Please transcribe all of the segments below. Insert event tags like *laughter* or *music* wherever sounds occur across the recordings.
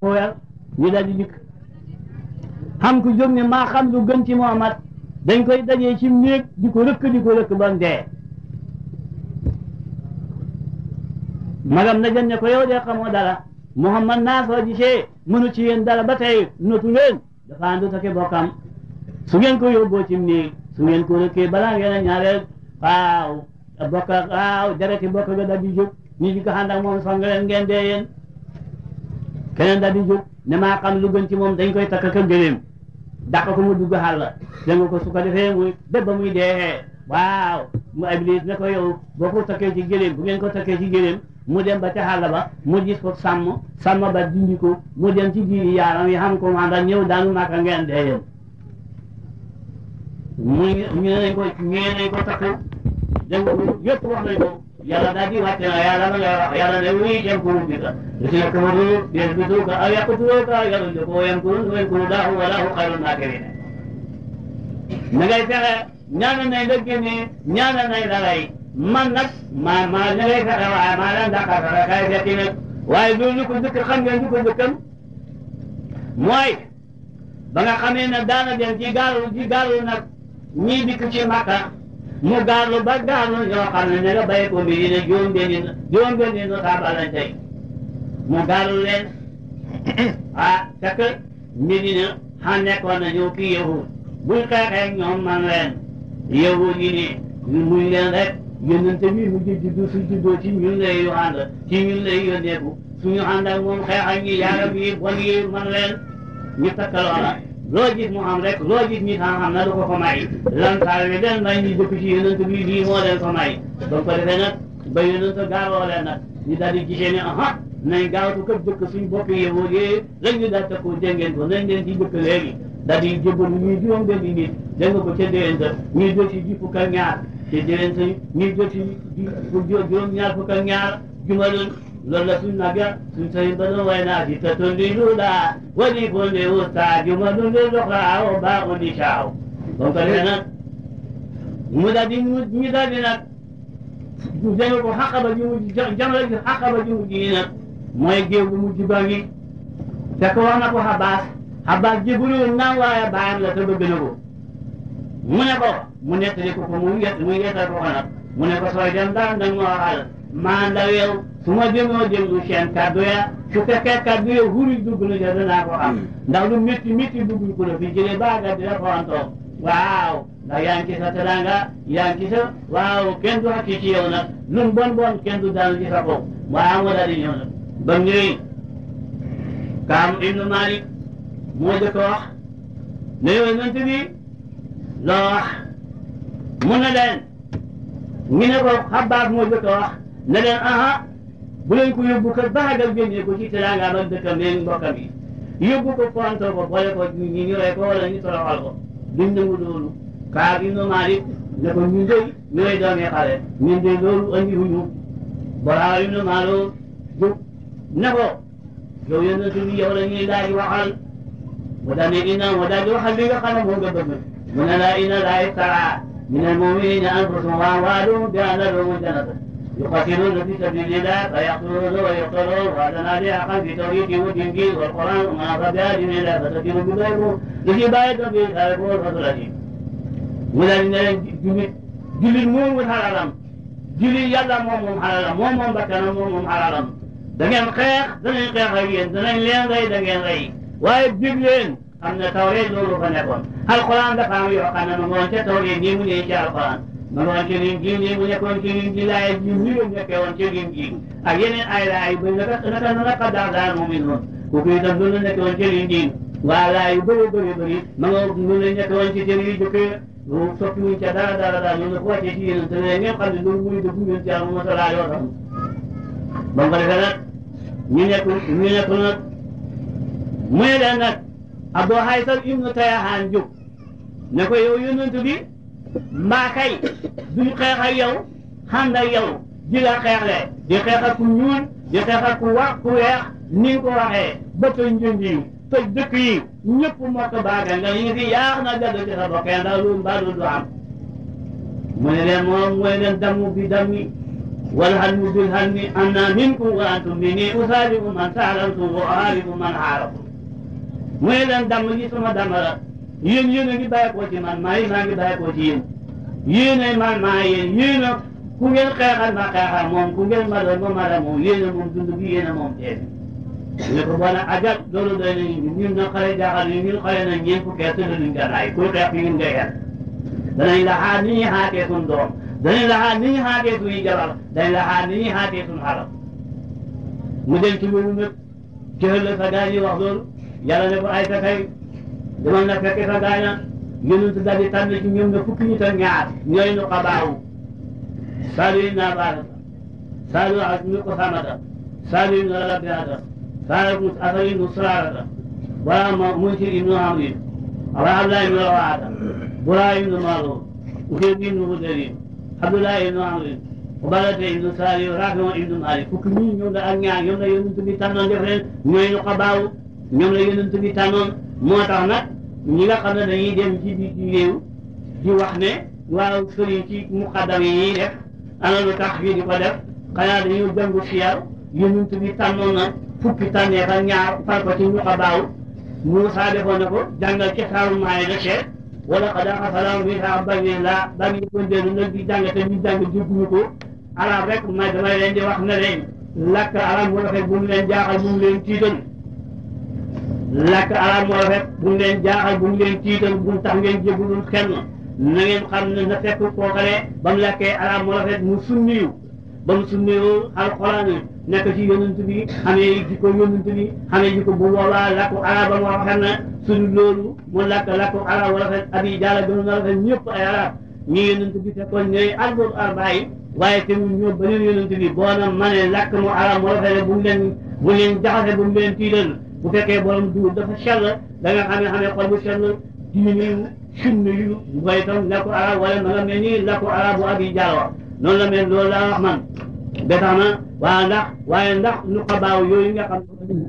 weer ñu daal di dikk xam ku jóg ne maa xam lu gën ci Muhammad dañ koy dajee ci néeg di ko rëkk di ko rëkk ba mu magam na jën ne ko yow de xamoo dara Muhammad naa soo gisee mënu ci yéen dara ba tey notu leen dafa àndu take bokkam su ngeen ko yóbboo ci néeg su ngeen ko rëkkee balaa ngeen a ñaareel waaw bokk waaw jareti bokk ga da bi jóg ñi di ko ànd ak moom song leen ngeen dee keneen daal di jóg ne maa xam ci moom dañ koy takk ak gëléem dàq ko mu dugg xàll dégg ko su ko defee muy bépp ba muy dee waaw mu Iblis ne ko yow boo ko takkee ci gëléem bu ngeen ko takkee ci gëléem mu dem ba ca xàll ba mu gis ko sàmm sàmm ba dindi ko mu dem ci biir yaaram yi xam ko maanaam ñëw daanu naka ngeen dee yow. muy ñu ne ko ñu ne ko takk dégg nga yëpp ko. يلدتي وتنايلنا يلدنا ويش يكون بك يسيكمون يثبتوك أو يقتلوك أو يغلقوك ويكون ويكون الله وله خير الماكرين نغاي فخه ñaana nay la génne ñaana nay la lay man nag maa maa ña ngay fexe waaye maa leen dàqaar la kay fetti nag waaye loolu ñu ko dëkk xam ngeen ñu ko dëkkam mooy ba nga xamee ne daana dem ci gaalu ci gaalu nag ñii dikk ci Makka ñu gaanu ba gaanu ñoo xam ne ñu nga béy ko mbiri ne juróom benni juróom benni nu xaabal lañ tey mu gaanu leen *coughs* ah fekk mbiri ne xam nekkoon na ñëw kii yahud buñ xeexee ñoom man leen yahud yi ni muñ leen rek yónnante mi mu juddu su juddoo ci ñun lay yu ànd ci ñun lay yónneeku suñu ànd ak moom xeex ak ñi yaaram yi bon yi man leen ñu takkaloo la loo gis mu am rek loo gis nit am am na lu ko ko may lan taalibe benn may ñu jëkk ci yonent bi lii moo leen ko may ba ko defee nag ba ñu bopp yowoo yee lañ ñu daal takkoo jéngeen ko nañ leen ci dëkk léegi daal di jébbalu ñuy juróom benn nit ko ca déwén sa ñuy jot ci fukk ak ñaar ca déwén sa ñuy jot ci lolafin naga sun sayin bazan waina di ta tondi lula wani bonde wuta di wani ne loka o ba o ni shawo don kare nan mu da di mu da di nan jama ko haqa ba jiwu jama ji haqa ba jiwu ji nan moy geew bu mujj ba ngi te ko wax na ko habas habas jibril nan waaye baayam la ta bëgg na ko mu ne ko mu nettali ko ko mu yet mu yetal ko nag mu ne ko sooy dem daan dañ moo waxal maa ndaw yow su ma demoo déglu seen kaddu ya su fekkee kaddu ya wuruj dugg na ja danaa ko am ndax lu métti métti dugg ko la fi jëlee baaga dina ko antoo waaw ndax yaa ngi ci sa yaa ngi waaw kenn du xakki ci yow nag bon bon kenn du daanu ci sa kaw waaw moo di ñëw nag ba mu ñëwee Kaam ibnu Malik moo jëkk wax ne yow yonent loo mu ne leen ñu ne ko xabaar moo jëkk wax ne leen aha buleen ko yóbbu ko baagal génnee ko ci teraanga ak dëkkam leen mbokkam yi yóbbu ko fonto ko boole ko ñu ñu rey ko wala ñu toroxal ko duñ nangu loolu kaa gi no maalik ne ko ñu dey ñooy doomee xale ñun de loolu andi wuñu boraa yu no maaloo jóg ne ko yow yonent bi yow la ñuy laaj waxal mu daal ne inna mu daal di waxal li nga xam ne moo nga bëgg mu ne la inna laay taraa ñu ne moom yi ne anfusum waa waa bi ànda doomu janata يقاتلون في سبيل الله فيقتلون ويقتلون وعدنا لحقا في توحيد والتنجيل والقران وما فتاه من الله فتكيل بغيره لحماية ربه الحارب والفضل ولا من jullit moomul xalalam jullit yàlla moom moom xalalam moom moom bakkanam moom moom xalalam da ngeen xeex danañ xeex ak yéen danañ leen rey da ngeen rey waaye bég leen xam ne tawreet loolu fa nekkoon alquran dafa am yoo xam ne moom ca tawreet nii mu ne ci alquran mënoon ci liñ jiw yi bu nekkoon ci liñ ji laay ñu ñëwee nekkee woon ci liñ ji ak yeneen ay laay ba naka naka naka daal daal moom it noonu kooku itam loolu la nekkee woon ci liñ ji waa laay yu bëri bëri bëri ma nga loolu la nekkee woon ci jël yi jëkkee loolu soppi wuñ ca dara dara daal ñoom la ko wàccee ci yéen te ne ñoom xam ne loolu muy dëgg yéen ci yàlla moom la yoo xam ba nga defee nag ñu nekk ñu nekk nag muy leen nag Abu Haysam ibnu Tayahaan jóg ne ko yow yónnent bi ماكاي بن خيخا يو خاندا يو جيلا خيخلا دي خيخا كو نيون دي خيخا كو واخ كو ويخ نين كو واخه بتو نجي تي دك يي نيب موكا باغا نغي يي دي ياخ نا جادو تي خبا كان دا لوم با دو دوام مون لي موم وين دمو بي دمي والهل مدل هني منكم وانتم مني اسالم من سالمت واهارب من عارف وين دم لي سما دمرا yéen yéen a ngi bàyyi ko ci man maa yi maa ngi bàyyi ko ci yéen yéen ay man maa yéen yéen a ku ngeen xeexal ma xeexal moom ku ngeen ma doon ma ma la moom yéen a moom dund gi yéen a moom teel ne ko bon ajab loolu doy nañu ñun na xale jaaxal yi ñun xale na ñeen fukki at tëdd luñ gànnaay kuy xeex fi ñun ngay xeex danañ la xaar ni ñuy xaatee suñ doom danañ la xaar ni ñuy xaatee suñuy jabar danañ la xaar ni ñuy xaatee suñ xaral mu dem ci loolu nag jëxal la sa gaañ yi wax loolu yàlla ne ko ay sa kay demal na fekke fa gaaña yonent daal di tànn ci ñoom ne fukki nit ak ñaar ñooy nu xabaawu saalu yi naa baarata saalu ak ñu ko samata saalu yi nu rabiata saalu asari nu suraarata wala ma munsir ibnu hamrin wala abdullah ibnu rawaata buraa ibnu maaloo ukéeb ibnu hudari abdullah ibnu hamrin ubalata ibnu saali rafion ibnu maali fukki ñii ñoom la ak ñaar ñoom la yonent bi tànnoon def leen ñooy nu xabaawu ñoom la yonent bi tànnoon moo tax nag ñi nga xam ne dañuy dem ci biir réew di wax ne waaw sëriñ ci muqaddam yi ñuy def ana lu tax fii di ko def xanaa dañuy jàngu siyar yonent bi tànnoon na fukki tànneef ak ñaar far ko ci muqaddaaw Muusaa defoon na ko jàngal ci saaru maay na seet wala xanaa xasalaam bi saa bàyyi laa bàyyi ko dellu nag di jàng te ñu jàng ko arab rek ma damay leen wax ne leen làkk arab bu rafet bu mu leen jaaxal bu mu leen tiital làkk arab moo rafet bu mu leen jaaxal bu mu leen tiital bu mu tax ngeen jébbalul kenn na ngeen xam ne na fekk koo xale ba mu làkkee arab moo rafet mu sunniyu ba mu sunniyu alxuraan nekk ci yonent bi xamee jikko yonent bi xamee jikko bu boobaa làkku arab ba moo rafet na suñu mu làkk làkku arab moo rafet yi jaala gënoon a rafet ñëpp ay arab ñi yonent bi fekkoon ñooy arboobu arbaay waaye te ñun ñoo beneen yonent bi boo mu arab moo rafet bu leen jaxase bu mu leen bu fekkee borom duur dafa sell da nga xam ne xamee xol bu sell diine sunna yu mooy itam làkku arab wala ma nga mel ni làkku abi jaawa noonu la mel loolu laa wax man ba tax na waaye waaye ndax nu xabaaw yooyu nga xam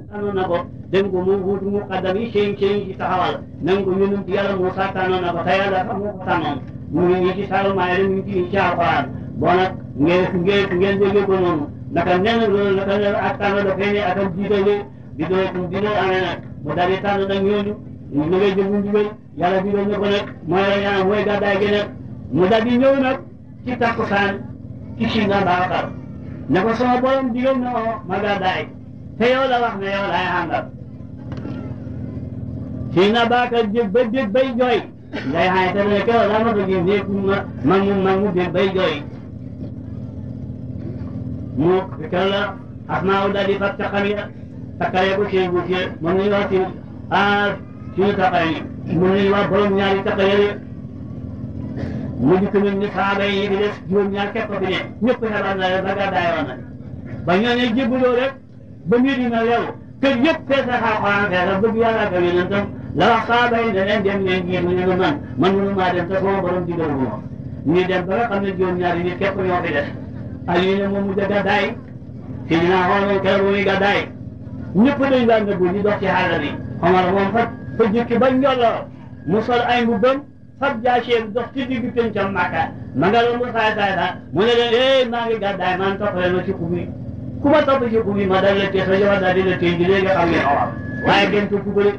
tànnoon na ko dem ko moom wuutu mu xaddam yi seen seen ci ci yàlla Moussa tànnoon na ko te yàlla sax moo ko tànnoon mu ngi ci Saalum waaye mu ngi ci Alxuraan bon nag ngeen ngeen ngeen ko noonu naka njàng naka njàng ak tànn da feeñee ak ak jiitale di doon di doon amee nag mu daal di tànn nag ñooñu ñu ngi jëm njubal yàlla di doon ñu ko nag mooy la ñaan mooy gàddaay gi nag mu daal di ñëw nag ci si nga Babacar ne ko sama borom na ko ma gàddaay te yow wax ne yow laay àndal si nga Babacar jëg bay jooy ngay xaay te ne keroog laa ma ko gis nekk ma mu ma bay jooy. mu kella asmaaw daal di fat caqam ya takkalee ko seen guuf ya moom la ñuy wax si ah suñu taqalee moom la ñuy wax borom ñaari taqalee mu jikk ñun ñu yi di des juróom-ñaar képp fi ne ñëpp xeban la ba gàddaay woon na ba ñooñu jébbaloo rek ba mbir yi na lew kër yëpp fees saaba yi ne leen man man mënu maa te sama borom digal bu ma ñu dem ba nga xam ne juróom-ñaar yi képp ñoo fi Aliyu ne moo mujj a gàddaay Seydina Omar teeru muy gàddaay ñëpp dañ daan nëbbu di dox ci àll bi Omar moom fa fa jëkki ba njolloor mu sol ay mbubbam fab jaasheem dox ci digg pencam Màkka ma nga doon ba saay saay saay mu ne leen eh maa ngi gàddaay man topp leen ma ci xub bi ku ma topp ci xub bi ma dal la tee sa jox daal di la tee di léegi xam ngeen Omar waaye gën ko kubale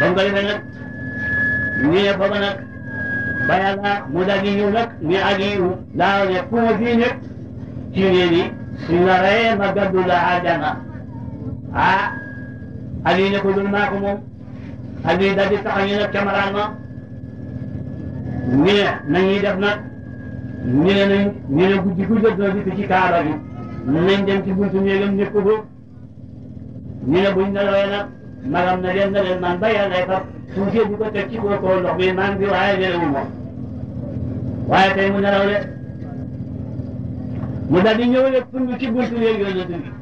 ba mu ko defee nag ñu ne booba nag ba yàlla mu daal di ñëw nag mi aji yu laaw ne ku ma fii nekk ci nee ni suñ ma gaddu la àjjana ah Aliou ne ko dul maa ko moom Aliou daal di camaraan ma ñu ne nañuy def nag ñu ne nañ ñu ne guddi gu jot doo dikk ci kaaba bi nañ dem ci buntu néegam nekk ko ñu ne buñ na leen na leen سوجي بوكو تكي بوكو لو بي مان دي واي بي اومو واي تاي مو نراو لي mu daal di ñëw rek pour ñu ci buntu léegi yonent bi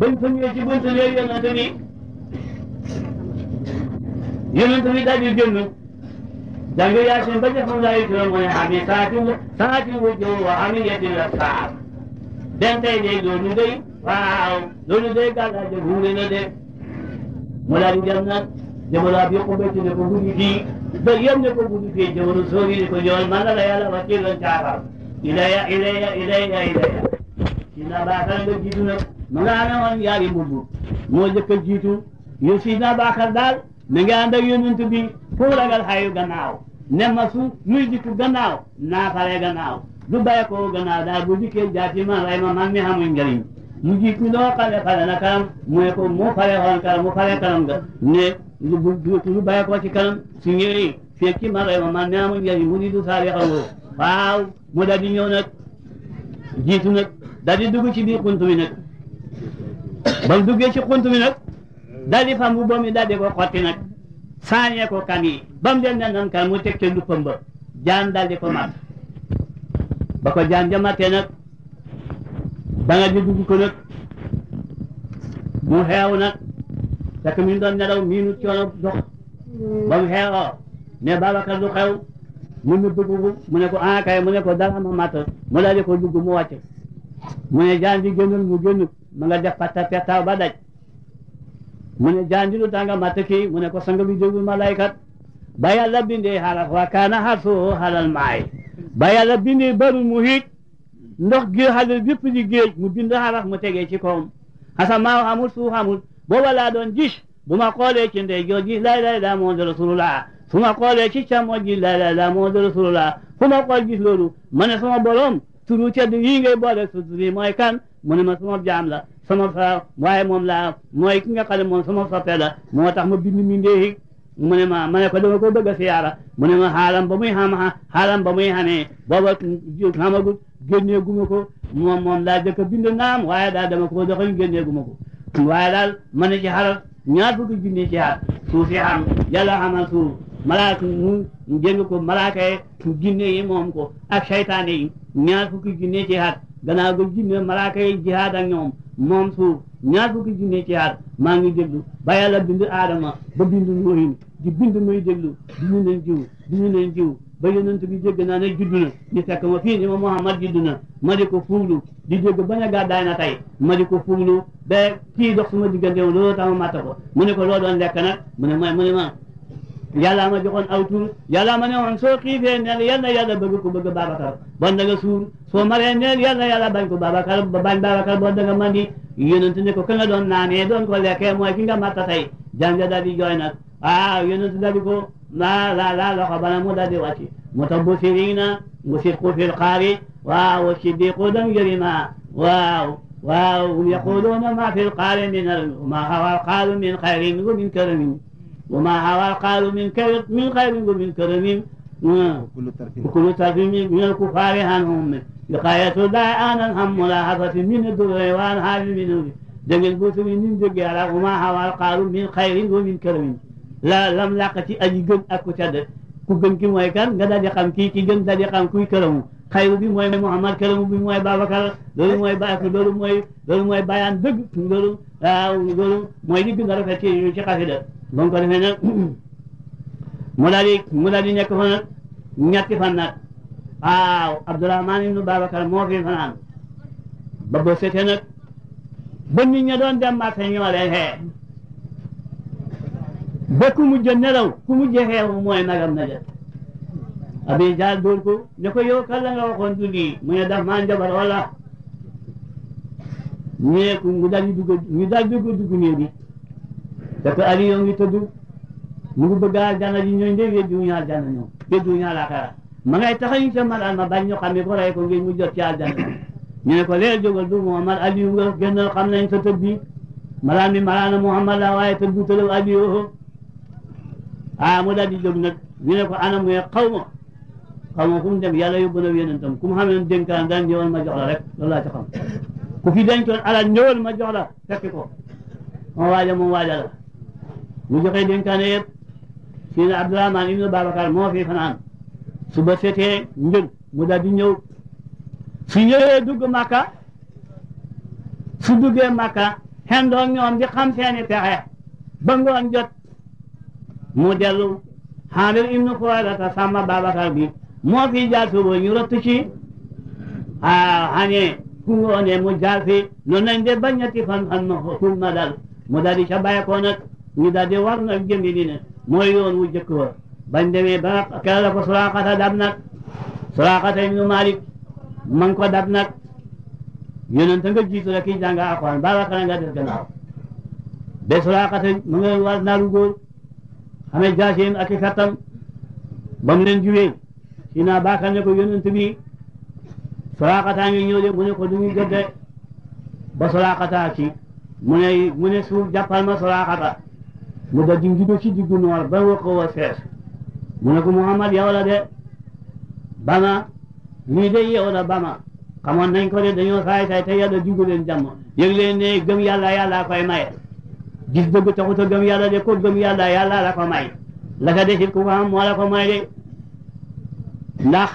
bañ fa ñëwee ci buntu léegi yonent bi yonent bi daal di génn jàng yaasin ba jafam laa yu turam mu ne ami saati saati wu jëw wa ami yetti la saar den tey de loolu day waaw loolu day gàllaaj bu ne na de mu daal di dem nag jamono bi kumbeti ne ko gudi di bel ne ko gudi di jamono sori ne ko yol mala la yala wacce gal jaara ilaya ilaya ilaya ilaya sina bakar da jitu nak mala na wan yaari muddu mo jëkkal jitu yo sina bakar dal mi nga and ak yonent bi fu ragal xayu gannaaw ne masu muy dikku gannaaw naafare gannaaw du baye ko gannaaw daal bu dikkee jaati man ray ma man mi xamuñ njëriñ mu jikku loo xale xale na kanam mu ne ko mu fare xoon kanam mu fare kanam nga ne lu lu ko ci kanam su ñëwee fekk ci ma ma man naa mu njëriñ mu di du saal yaxawoo waaw mu daal di ñëw nag jiitu ci biir xunt mi nag ba ci xunt mi nag daal di fam ko xotti saañee ko kan yi ba mu nan kan mu teg ca luppam jaan daal ko mat ba ko jaan ja mattee nag ba nga di mu xeew fekk mi doon nelaw miinu coono dox ba mu xeexoo ne Babacar du xew mu ne dugg mu ne ko ah kay mu ne ko dara ma mu daal di ko dugg mu wàcc mu ne jaan ji génnul mu génn mu nga def pata pettaaw ba daj mu ne jaan ji lu tànga mat kii mu ne ko sang bi jógul malaykat ba yàlla bindee xaaral wa kaana xarsoo xaalal maay ba yàlla bindee barul mu hiit ndox gi xalal bépp di géej mu bind xaaral mu tegee ci kawam xasa maaw xamul suuf xamul booba laa doon gis bu ma xoolee ci ndeyjoor ji laa ilaaha illallaah Muhammadu Rasulullah fu ma xoolee ci càmmoñ ji laa ilaaha illallaah Muhammadu Rasulullah fu ma xool gis loolu ma ne sama boroom turu tedd yii ngay soo suturi mooy kan mu ne ma sama jaam la sama fa waaye moom laa mooy ki nga xam ne moom sama soppe moo tax ma bind mi ndeexi mu ne ma ma ne ko dama ko bëgg a siyaara mu ne ma xaalam ba muy xam xaalam ba muy xamee booba xamagut génnee ko moom moom laa jëkk a bind naam waaye daal dama ko doxañ ko waaye daal mën na ci xaral ñaar fukki junni ci xar suuf si xam yàlla suuf malaaka mu jënd ko malaaka yi jinne yi moom ko ak seytaane yi ñaar fukki junni ci xar gannaaw ga jinne malaaka yi jihaad ñoom moom suuf ñaar fukki junni ci xar maa ngi déglu ba yàlla bind aadama ba bind nuuhin di bind muy déglu di ñu jiw di ñu leen jiw ba yonent bi jégg naa ne judd na ñu fekk ma fii ni ma Muhammad judd na ma di ko fuuglu di jégg ba ne gàddaay na tey ma di ko fuuglu ba kii dox suma diggante woon loolu tax ma màtta ko mu ne ko loo doon lekk nag mu ne ma mu ne ma yàllaa ma joxoon aw tur yàllaa ma ne woon soo xiifee neel yàlla yàlla bëgg ko bëgg Babacar bon da nga suur soo maree neel yàlla yàlla bañ ko Babacar bañ Babacar bon da nga mandi yonent ne ko ka nga doon naanee doon ko lekkee mooy ki nga màtta tey jànga daal di jooy nag waaw ah yonent daal ما لا لا لا مدبرتي متبصرين لا في لا واو الصديق لا لا واو لا يقولون ما في لا من لا لا هو لا من خير ومن كرم وما هو لا من لا من خير ومن كرم وكل لا من الكفار عنهم لا لا لا لا ملاحظة من لا وأنهار من لا لا من دقي على وما هو لا من خير ومن كرم la lam làq ci aji gëm ak ku tedd ku gëm ki mooy kan nga daal di xam kii ki gën daal di xam kuy këramu xayru bi mooy Muhammad këramu bi mooy Babacar loolu mooy ba loolu mooy loolu mooy bayaan dëgg loolu waaw loolu a rafet ci ci xasida mu daal di *coughs* mu daal di nekk fa nag ñetti fan nag waaw Abdourahman ibnu Babacar moo fi fanaan ba ba sete nag ba doon dem marché ñu ma leen ba ku mujj a nelaw ku mujj a xeew mooy nagam na def abi jaal dóor ko ne ko yow kan la waxoon du lii mu ne daf maa njabar wala ñeeku mu daal di dugg ñu daal dugg dugg néeg bi fekk Aliou ngi tëdd mu ngi bëgg aljana ji ñooñu de weddiwuñu aljana ñoom weddiwuñu ma ngay taxañu ca malaan ma bañ ñu xam ne bu rey ko ngeen mu jot ci aljana ñu ne ko léegi jógal du moom man Aliou nga génnal xam nañ sa tëdd bi malaan mi malaan Muhammad la waaye tëdd bu tëdd ah mu daal di jóg nag anam nga xaw ma xaw ma ku mu dem yàlla yóbbu na yonentam ku mu xam ne daan ñëwal ma jox la rek loolu laa ci xam ku fi dencoon alal ñëwal ma jox la fekk ko waaja moom waaja la mu joxe dénkaane yëpp seen Abdourahman ibnu Babacar moo fi fanaan su setee njël mu daal di ñëw su ñëwee dugg Màkka su duggee Màkka xendoon ñoom di xam seeni pexe ba ngoon jot mu dellu xaadir ibnu Xurayrata sàmma Babacar bi moo fi jaar suba ñu rottu ci ah xane ku ngoone mu jaar fi noonu lañ de ba ñetti fan fan ma kum ma dal mu daal di ca bàyyi ko ñu daal war nag jëmbi di ne yoon wu jëkk wa bañ demee ba kera la ko Suraaqata dab nag Suraaqata ibnu Malik man ko dab nag yonent nga jiitu rek kii jàng Alxuraan Babacar nga des gannaaw ba Suraaqata mu ngi war naalu góor xamee jaaseen ak i kattan leen juwee si naa baakal ne ko yonent bi solaakataa ngi ñëw de mu ne ko du ñu ba solaakataa ci mu ne mu ne suuf jàppal ma solaakata mu dal di njudo ci diggu noor ba wër ko wër fees mu ne ko Muhammad yow la de bama lii de yow la bama xamoon nañ ko de dañoo saay saay te yàlla jugu leen jàmm yëg leen ne gëm yàlla yàlla koy maye gis dëgg taxut a gëm yàlla de ko gëm yàlla yàlla la ko may la ka desit ku ko am moo la ko may de ndax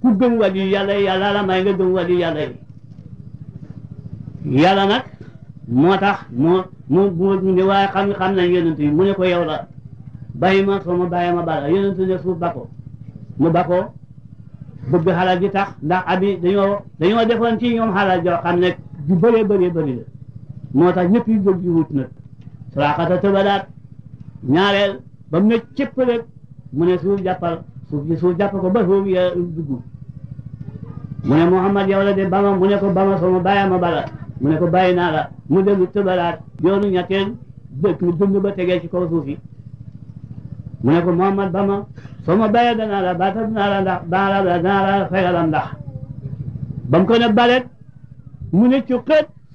ku gëm wàllu yàlla yàlla la may nga gëm wàllu yàlla yi yàlla nag moo tax moo mu mu ne waaye xam xam nañ yonent mu ne ko yow la bàyyi ma soo ma bàyyi ma bala yonent ne suuf ba mu ba bëgg xalaat ji tax ndax abi dañoo dañoo defoon ci ñoom xalaat joo xam ne ju bëree bëree bëri la moo tax ñëpp yi jóg ji wut suraaxata tëbalaat ñaareel ba mu ne cëpp rek mu ne suuf jàppal suuf ji ko ba suuf ya dugg mu ne Muhammad yow la de bama mu ne ko bama sama bàyyi ma bala mu ne ko bàyyi naa mu dellu tëbalaat yoonu ñetteel dëkk mu dund ba tegee ci kaw suuf yi mu ne ko Muhammad bama sama bàyyi danaa la baata danaa la ndax ba mu ko ne balet mu ne ci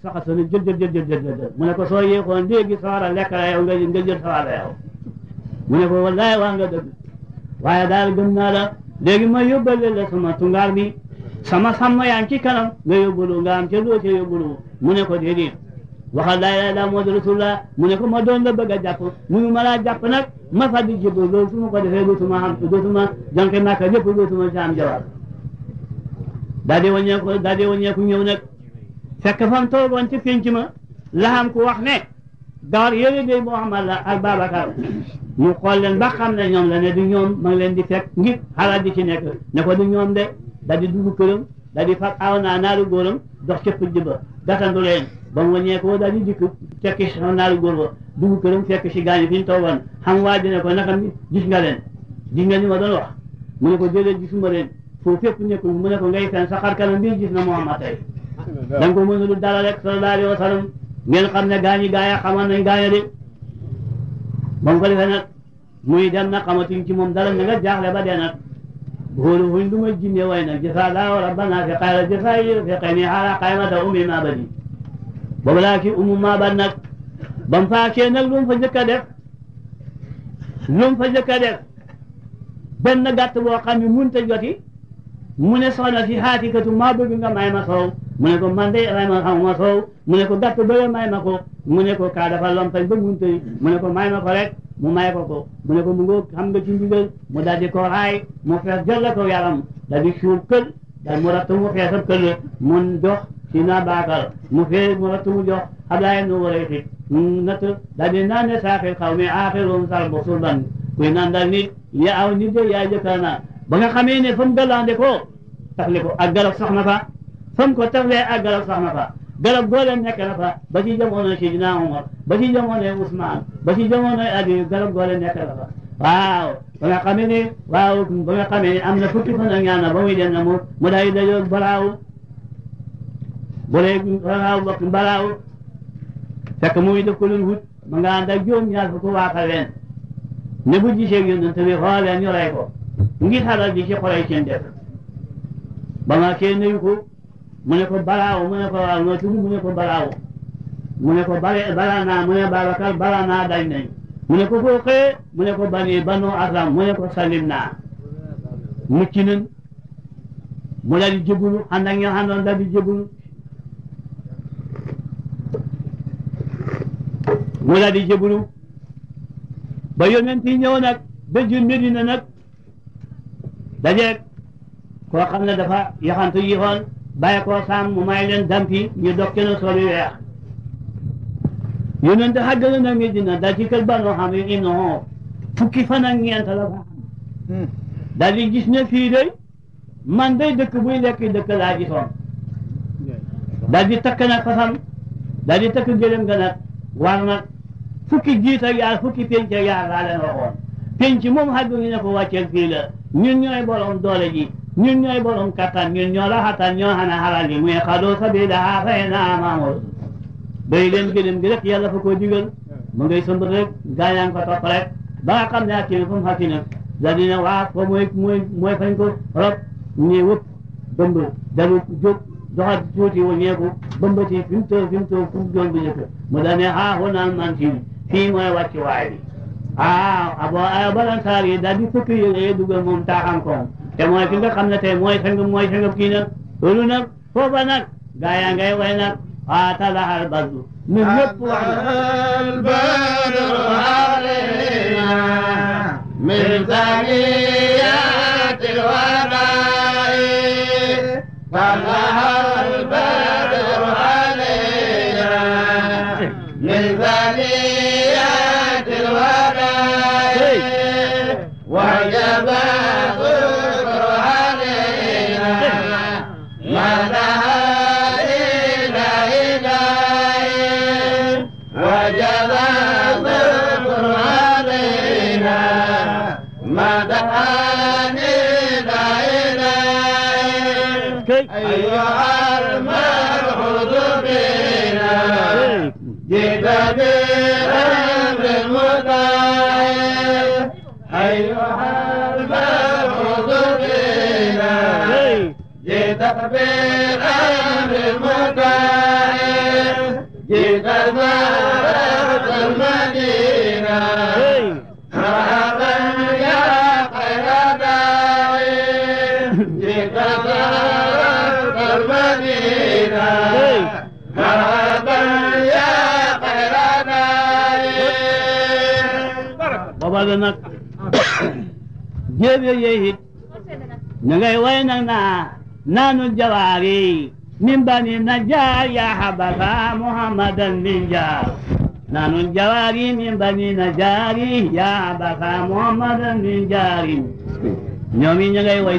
saxal sa ne jël jël jël jël jël mu ne ko soo yéexoon léegi sawara lekk la yow nga jël jël sawara yow mu ne ko wallaay waa nga dëgg waaye daal gëm naa la léegi ma yóbbale la sama tungaar bi sama sàmm yaan ci kanam nga yóbbalu nga am ca loo ca yóbbalu mu ne ko déedéet waxal laa ilaaha illallaah Muhammadu rasuulullaah mu ne ko ma doon la bëgg a jàpp munu ma laa jàpp nag ma fa di jibbu loolu su ma ko defee suma am suma jànke Makka lépp dootuma ci am jawaab daal di wàññeeku daal di wàññeeku ñëw nag fekk fam toogoon ci pénc ma laxam ku wax ne gawar yële day Muhammad la ak Babacar mu xool leen ba xam ne ñoom la ne du ñoom ma ngi leen di fekk ngir xalaat di ci nekk ne ko du ñoom de da di dugg këram da di fab aw naa naaru góoram dox ca pëj ba gatandu leen ba mu wàññeekoo da di dikk fekk si naaru góor ba dugg këram fekk si gaañu fi ñu toogoon xam waa ji ne ko naka gis nga leen gis nga ni ma doon wax mu ne ko déedéet gisuma leen foofu fépp nekkul mu ne ko ngay fen sa xar kanam gis na Muhammad da nga ko mënul dara sallallahu alayhi wa sallam ngeen xam ne gaaya xamoon nañ gaaya de ba ko defee nag muy dem na xamatuñ ci moom dara nga jaaxle ba dee nag boolu huñ lu jinne way nag jasa laaw rabbana fi xayra jasa yi fi xayni xaala xaymata ummi maa badi boobu laa ki umu maa bad nag ba mu faakee nag lu fa njëkk def lu fa njëkk def benn gàtt boo xam munta joti mu ne soxna si xaatikatu bëgg nga may ma soow mu ne ko man de ray ma soow mu ne ko gàtt bële may ma ko mu ne ko kaa dafa lompañ ba munte yi mu ne ko may ma ko rek mu may ko ko mu ne ko mu ngoo xam nga ci ndigal mu daal di ko raay mu fees jël ko yaram daal di kël daal mu rattu mu feesab kël mun jox si naa baakal mu fee mu rattu mu jox ablaye nu wareeti natt daal di naan ne saafil xaw mi aaxirum sal bu sulban kuy naan daal nit ya aw nit de ba nga xamee ne fa ko tax li ko ak garab fa fam ko taflee ak garab sax na fa garab gooleen nekk na fa ba ci jamonoy Sidina Umar ba ci jamonoy Usmaan ba ci jamonoy Aliyu garab gooleen nekk na fa waaw ba nga xamee ni waaw ba nga xamee ni am na fukki fan ak ñaar ba muy dem mu mu daal di dajoog balaaw bale balaaw bokk balaaw fekk muy def ko luñ wut ma nga ànd ak juróom ñaar fukk waaxa leen ne bu gisee yonent bi xooleen ñu rey ko ngi xaral di ci xorey seen def ba ma kee nuyu mu ne ko balaaw mu ne ko waaw noo mu ne ko balaaw mu ne ko bale balaa mu ne Babacar balaa dañ nañ mu ne ko koo mu ne ko bani banu asam mu ne ko salim naa mucc mu daal di jébbalu ànd ak ñoo àndoon mu daal di jébbalu ba yonent yi ñëw nag dëju Medina nag dajeeg koo dafa yaxantu yi bàyyi koo saam mu may leen dampi ñu dog ci na sol yu weex yonente xàggale na Medina daal ci kër Banu Hamim ibn fukki fan ak ñeent la fa xam hmm. daal di gis ne fii de man day dëkk buy lekk dëkk laa gisoon daal di takk nag fasam daal di fukki jiit ak yaar fukki pénc ak yaar laa leen waxoon pénc moom xàgg ñu ne ko wàcceel fii la ñun ñooy borom doole ji ñun ñooy borom kattan ñun ñoo raxatal ñoo xana xalal yi muy xadoo sabilaha fay naa maamul bay leen gëlëm gi rek yàlla fa koo mu ngay sëmb rek ko topp rek ba nga ne ak kii fu mu xakki nag da dina waas ko mooy rob ñi wëpp bëmb dalu jóg doxat tuuti wu ñeeku bëmbati fi mu tëw fi mu tëw mu dane xaaxu ah, naan man fii fii mooy wàcci waay bi aaw ah, abo ah, ay balansaar yi daal di fëkk koom temoi fi nga xam ne tey mooy sangam mooy sangam kii nag loolu nag foofa nag gaa yaa ngay way nag faata la al badru ne ñëpp wax na albadru aleyna min saniyati alwadai أيها المبعوث فينا لتخبير أمر المكائن جئت زارت المدينة مرحبا يا خير داعي جئت زارت المدينة مرحبا يا خير داعي بابا jéeb yooyu it ñu ngay way nag naa naanu jawaari min bani najjar yaa habasa muhammadan min jaar naanu jawaari min bani najjari yaa habasa muhammadan min jaari ñoom yi ñu ngay way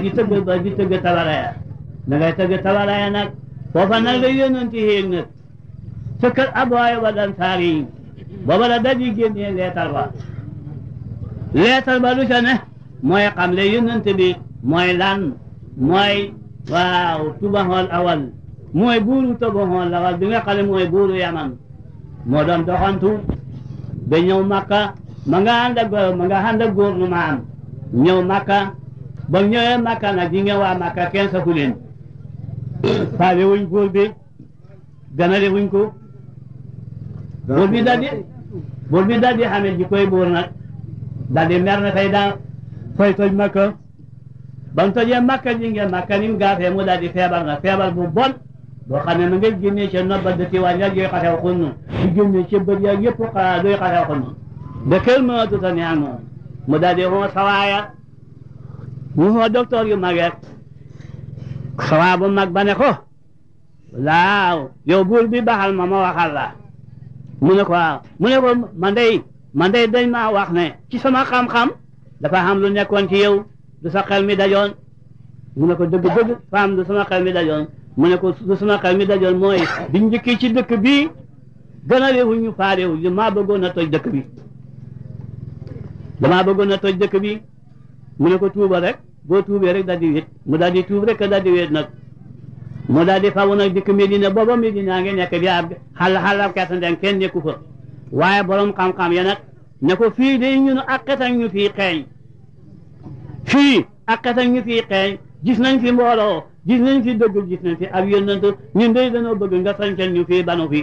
tabaraya ñu ngay tëgg tabaraya nag foofa nag la yónnanti héeg nag sëkkal abwaay wa dan saari booba la daji ba leetal ba eh? mooy xamle yonent bi mooy lan mooy waaw tubaxool awal mooy buuru tubaxool awal bi nga xam ne mooy buuru yaman moo doon doxantu ba ñëw makka ma nga ànd ak ma nga ànd ak gouvernement ñëw makka ba ñëwee makka nag yi waa makka kenn saku leen faale wuñ góor bi ganale wuñ ko buur bi daldi buur ji koy buur nag daldi mer na tey fay toj makka ba mu makka ñu ngeen makka ni mu gaafee mu daal di feebar na feebar bu bon boo xam ne na ngay génnee ca nobba de tiwaan yaag yooyu xatew xunnu di génnee ca bët yaag yëpp xaa doy xatew xunnu de kel ma tuta ne mu daal di xoo sawaaya mu xoo yu maget sawaa bu mag ko laaw yow buur bi baxal ma ma waxal la mu ne ko waaw mu ne man day man day wax ne ci sama xam-xam dafa am lu nekkoon ci yow du sa xel mi dajoon mu ne ko dëgg-dëgg fa am du sama xel mi dajoon mu ne ko du sama xel mi dajoon mooy biñ njëkkee ci dëkk bi gën a réewuñu faarewuñu maa bëggoon a toj dëkk bi damaa bëggoon a toj dëkk bi mu ne ko tuuba rek boo tuubee rek daal di wéet mu daal di tuub rek daal di wéet nag mu daal di fawu nag dikk Medina booba Medina ngi nekk di ab xala xala keesandeen kenn nekku fa waaye borom xam-xam ya nag ne ko fii de ñun ak xetan ñu fii xeeñ fii ak xetam ñu fii xeeñ gis nañ fi mbooloo gis nañ fi dëgg gis nañ fi ab yónnantu ñun day dañoo bëgg nga ñu fii banu fi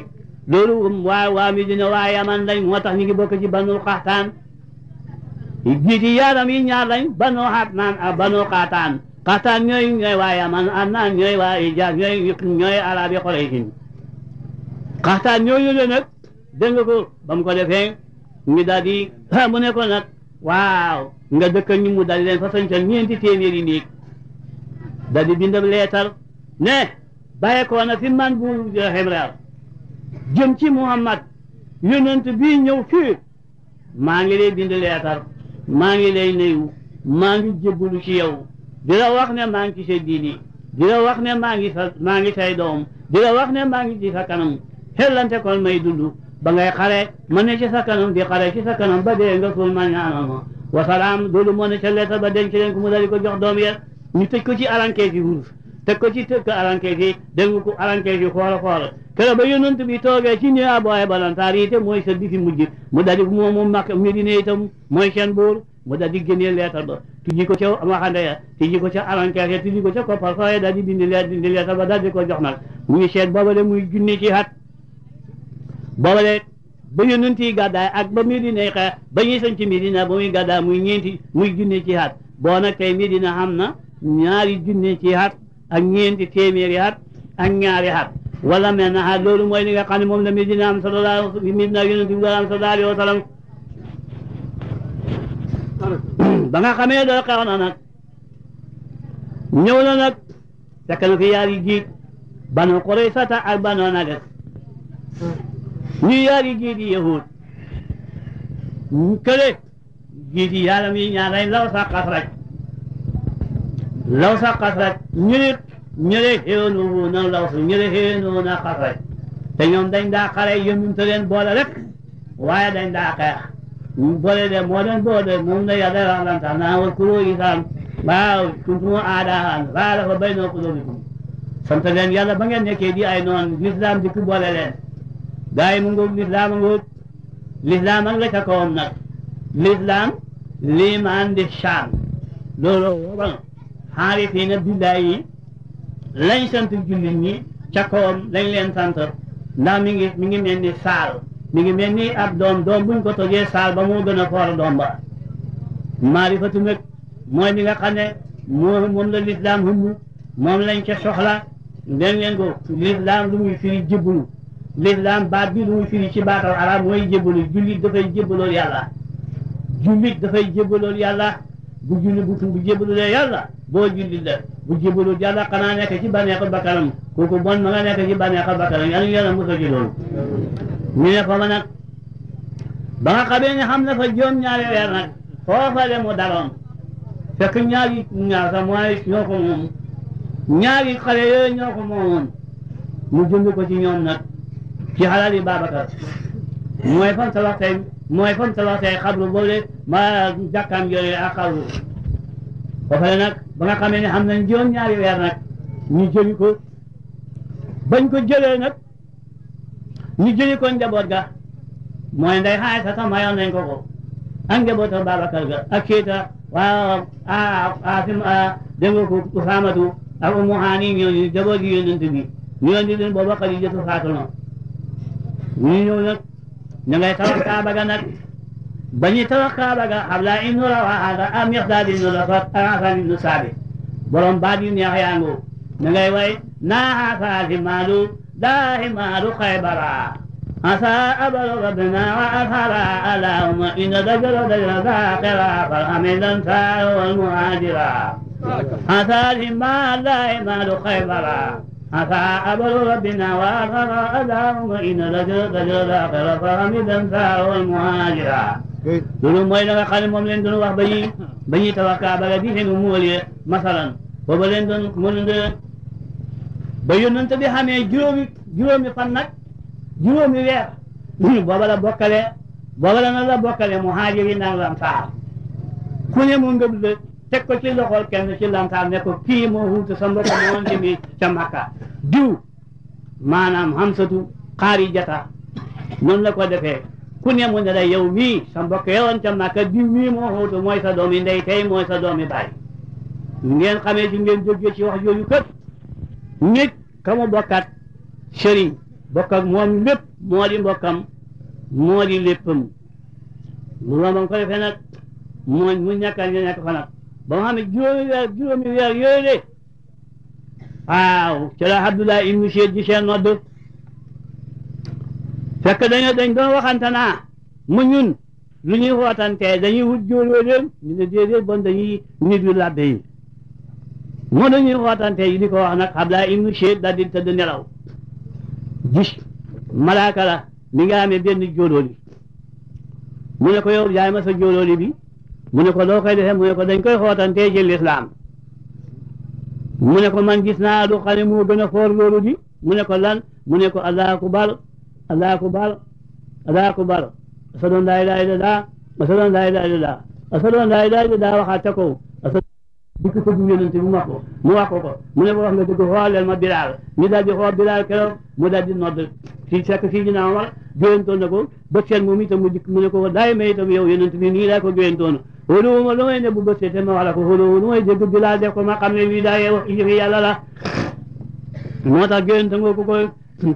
loolu waa mi dina waa yaman lañ moo tax ñu ngi bokk ci banul xaxtaan jiiti yaaram yi ñaar lañ banoo xatnaan ak banoo xaataan xaataan ñooy ñooy waa yaman adnaan ñooy waa ijaab ñooy ñooy arabi xoreysin xaataan ñooyu le nag ko ba mu ko defee ne ko nag waaw nga dëkk ñu mu dal leen fa sañcal ñeenti téeméeri néeg dal di bindam leetar ne bàyyeekoo na fi man bu Xemreer jëm ci Muhammad yonent bi ñëw fii maa ngi lay bind leetar maa ngi lay nuyu maa ngi jébbalu ci yow di la wax ne maa ngi ci sa diini di la wax ne maa ngi sa maa ngi say doom di la wax ne maa ngi ci sa kanam xellante kon may dund ba ngay xare ma ne ci sa kanam di xare ci sa kanam ba dee nga suul ma ñaanal ma wasalaam loolu moo ne ca lettre ba denc leen ko mu dal di jox doom ya ñu ko ci alankees te ko ci tëkk alankees yi dégg ko alankees yi xoola xoola kër ba yonent bi toogee ci ne abooye balantaar yi te mooy sa di mu dal moo moom moom mag Medina itam mooy seen buur mu dal di génnee lettre ba tijji ko ca waxande ya ko ca alankees ya tijji ko ca koppar sooye dal di dindi lettre dindi lettre ba dal di ko jox nag muy seet boobale muy junni ci at ba yonent yi gàddaay ak ba Medina xeex ba ñuy sañ ci Medina ba muy gàddaay muy ñeenti muy junne ci at boo nag tey Medina xam na ñaari junne ci at ak ñeenti téeméeri at ak ñaari at wala mel na at loolu mooy li nga xam ne moom la Medina am sallallahu Medina ba nga xamee doo xew na nag ñëw na nag fekk na fi yaari jiit banu Quraysata ak banu Nadir ñu yaari gii di yahud kële gii di yaalam yi ñaaray law sa xasraj law sa xasraj ñu nit ñële xéenoo na law su ñële xéenoo na xasraj te ñoom dañ daa xare yónnunte leen boole rek waaye dañ daa xeex boole de moo leen boole moom la yàlla randantax naa war kuroo isaan waaw kuntum aadaan waaw dafa bay noo kulóobikum sant leen yàlla ba ngeen nekkee di ay noon l'islam dikk boole leen gaa yi mu ngoog lislaam a ngoog lislaam ak la ca nag lislaam liimaan di chaan looloo waral xaarifiina billaay yi lañ sant jullit ñi ca kawam lañ leen sant ndax mi ngi mi ngi mel ni saal mi ngi mel ni ab doom doom buñ ko tojee saal ba moo gën a foor doom ba maarifatu nag li nga xam moo la lislaam hëmm moom lañ ca soxla leen leen ko lislaam lu muy firi jëbbulu lislaam baat bi lu muy firi ci baatal arab mooy jébbalu jullit dafay jébbalool yàlla jullit dafay jébbalool yàlla bu julli bu boo jullit la bu jébbalul yàlla xanaa nekk ci bànneexu bakkanam kooku bon ma nga ci bànneexu bakkanam yàlla musa ci loolu ne fa ma nag ba nga xamee ne xam na fa juróom ñaari weer nag foofale mu daloon fekk ñaari ñaar sax mooy ñoo ko moom ñaari xale yooyu ñoo ko mu jënd ko ci ñoom nag ci xalaali mooy fan tabaxee xabru boole ma jàkkaam yooyu ak xabru ba pare nag ba nga xamee ne xam nañ juróom ñaari weer nag ñu jëli ko bañ ko jëlee nag ñu jëli ko njaboot ga mooy nday xaay sa sama yoon nañ ko ko ak njabootam Babacar ga ak a asim a dégg ko ak Umu Haani ñooñu njaboot yi yonent bi ñu leen di leen booba Xadijatu ñuy ñëw nag ñu ngay tawax kaaba ga nag ba ñuy tawax kaaba ga Abdallah ibnu Rawaha am Miqdaad ibnu Aswad ak Hasaan ibnu Saabit borom baat yu neex yaa ngoo ñu ngay way naa faati maalu daahi maalu xaybara عسى أبر ربنا وأثرى اللهم إن ذكر ذكر ذاكرا فالحمد أنت والمهاجرا عسى الهمال لا يمال خيبرا عسى أبر ربنا وآخر أداهم إن رجل رجل آخر فهمدا فهو المهاجرة إيه. دون أن قال المؤمن دون وحبي بني توقع بلديه نمولي مثلا وبلين دون أن بيون ننت بي حامي جرومي جرومي فنك جرومي وير بابا بوكالي بابا لا بوكالي مهاجرين نعم فعل كل يوم نقبل teg ko ci loxol kenn ci lantaar ne ko kii moo wuute sa mbokk moon jëmee ca Makka diw maanaam Hamsatu xaarijata noonu la ko defee ku mu ne la yow mii sa mbokk yowoon ca Makka diw mii moo wuute doomi ndey tey mooy doomi baay ngeen xamee ci ngeen jógee ci wax kët nit ka mu bokkat sëriñ bokk ak moom lépp moo di mbokkam moo di léppam ko defee nag mu ñàkkal ñu nekk ba nga xam ne juróomi weer juróomi weer yooyu de waaw ci la Abdoulaye ibnu Cheikh ji seen nodd fekk dañ doon waxante mu ñun lu ñuy wootantee dañuy wut jóoloo leen ñu ne déedéet bon dañuy yi di ko wax nag Abdoulaye ibnu Cheikh daal di tëdd nelaw gis malaaka la mi nga amee benn jóolóoli mu ne ko yow jaay ma bi mu ne ko loo koy defee mu ne ko dañ koy xootantee jël lislaam mu ne ko man gis naa lu xam ne moo gën a foor loolu di mu ne ko lan mu ne ko allah akubar allah akubar allah akubar asadoon laa ilaaha illallah asadoon laa ilaaha illallah asadoon laa ilaaha illallah waxaat ca kaw dikk ko ci yonente bi mu wax ko mu wax ko ko mu ne ko wax nga dëgg xooleel ma bilaal ñu daal di xool bilaal keroog mu daal di nodd ci fekk fii dina am war jóyantoon na ko bët seen moom itam mu dikk mu ne ko daay may itam yow yonente bi nii laa ko jóyantoon xóolowuma lu may ne bu bësee te ma wax la ko xóolowu lu may dégg bilaal def ko ma xam ne lii daay wax yëfi yàlla la moo tax jóyante nga ku ko ku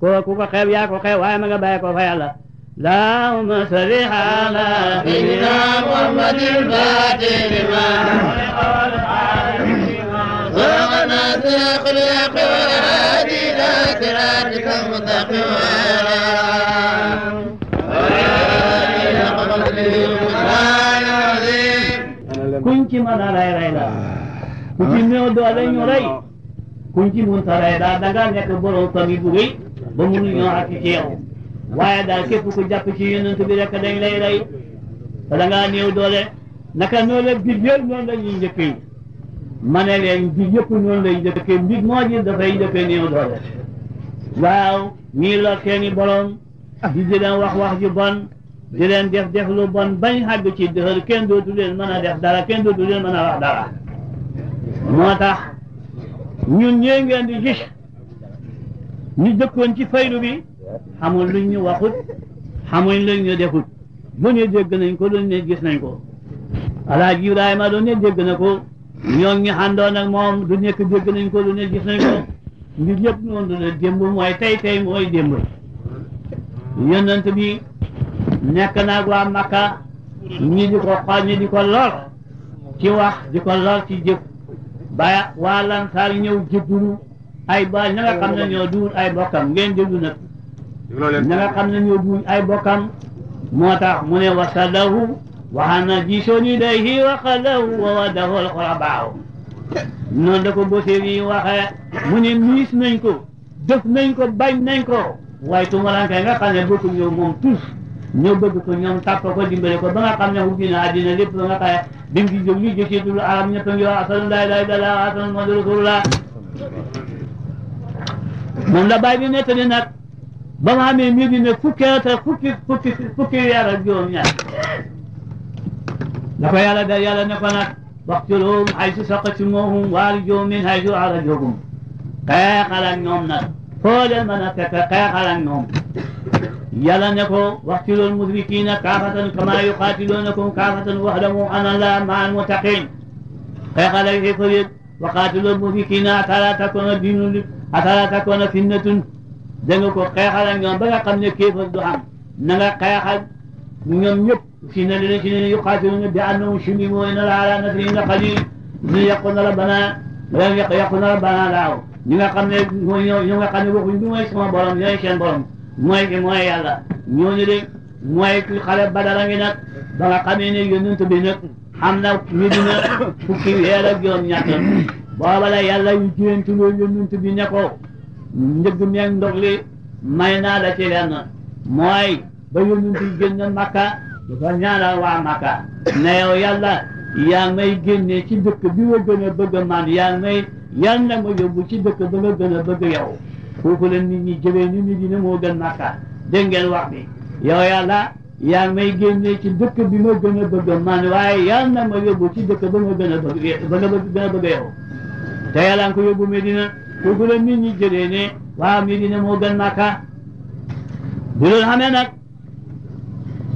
ko ku ko xeeb yaa ko xeeb waaye ma nga bàyyi ko fa yàlla لا هم سبيح على دينا محمد الباجر ما صغنا تخلق وعادي لا تراك تمتق وعلا كنتي من على رأينا كنتي من يودو علينا رأي كنتي من ترى رأينا دقان يكبرون طبيبوي بمولي يوحكي كيهو waaye daal képp ku jàpp ci yonent bi rek dañ lay rey te da ngaa doole naka noonu la mbir yëpp noonu la ñuy njëkkee ma ne leen mbir yëpp noonu lay njëkkee mbir moo ji dafay njëkkee néew doole waaw ñii lor seeni borom di di leen wax wax ju bon di leen def def lu bon bañ xàgg ci dëxër kenn dootu leen mën a def dara kenn dootu leen mën a wax dara moo tax ñun ñee ngeen di gis ñu dëkkoon ci faydu bi xamul luñ ñu waxut xamuñ luñ ñu defut lu ñu dégg nañ ko lu ne gis nañ ko alaaji Ibrahima lu ne dégg na ko ñoom ñi xandoon moom du nekk dégg ko lu ne gis nañ ko mbir yëpp noonu la démb mooy tey tey mooy démb yonent bi nekk naag waa Makka ñi di ko xool ñi di ko lor ci wax di ko lor ci jëf ba waa Lansaar ñëw jëddulu ay ba ña nga ay bokkam ngeen déglu nag ña nga xam ne ñoo buñ ay bokkam moo tax mu ne wasalahu waxana gisoo ni day hi waxalahu wa wadahu alxurabaaw noonu da ko bosee yi waxee mu ne miis nañ ko def nañ ko bañ nañ ko waaye tumuraanke nga xam ne bokkuñ ñëw moom tous ñoo bëgg ko ñoom tàpp ko dimbale ko ba nga xam ne fu gën a àddina lépp ba nga xaye bi mu ci jóg li jëseetul la bala mai midine kuke ta kuke kuke kuke yara juróom ñaar dafa yàlla da yàlla ne ko nag waxtuluhum haysu saqatumuhum waarjuhum min haysu arajukum xeexal ak ñoom nag foo leen mën a fekk xeexal ak ñoom yàlla ne ko waxtulul musrikina kaafatan kama yuqaatilunakum kaafatan waxlamu ana allaha maa almuttaqin xeexal ak xéefar yi waqaatilul musrikina atala takuna dinu atala takuna finnatun danga ko xeexal ak ñoom ba nga xam ne kéefar du am na nga xeexal ñoom ñëpp si na leen si ne yuqaatiluna bi annahum sulimu inna Allaha ala nasrihim qadir ñu yàqu na la banaa wala yàqu na la banaa laaw ñi nga xam ne ñu nga xam ne waxuñ bi mooy sama borom ñooy seen borom mooy bi mooy yàlla ñooñu de mooy ki xale badara ngi nag ba nga xamee ne yónnent bi nag am na Medina fukki weer ak juróom-ñett booba la yàlla yu jéentu loo yónnent bi ne ko njëgg meeg ndox li may naa la ci lenn mooy ba yónent yi génn Makka dafa ñaanal waa Makka na yow yàlla yaa may génne ci dëkk bi ma gën a bëgg man yaa may yàlla ma yóbbu ci dëkk ba nga gën yow foofu la ni Medina moo gën Makka dégg ngeen wax bi yow yàlla yaa may génne ci dëkk bi ma gën a bëgg man waaye yàlla ma yóbbu ci dëkk ba nga gën a bëgg ba nga gën a bëgg yow te yàlla nga ko yóbbu Medina dugg la nit ñi jëlee ne waaw Medina moo gën Makka bi loolu xamee nag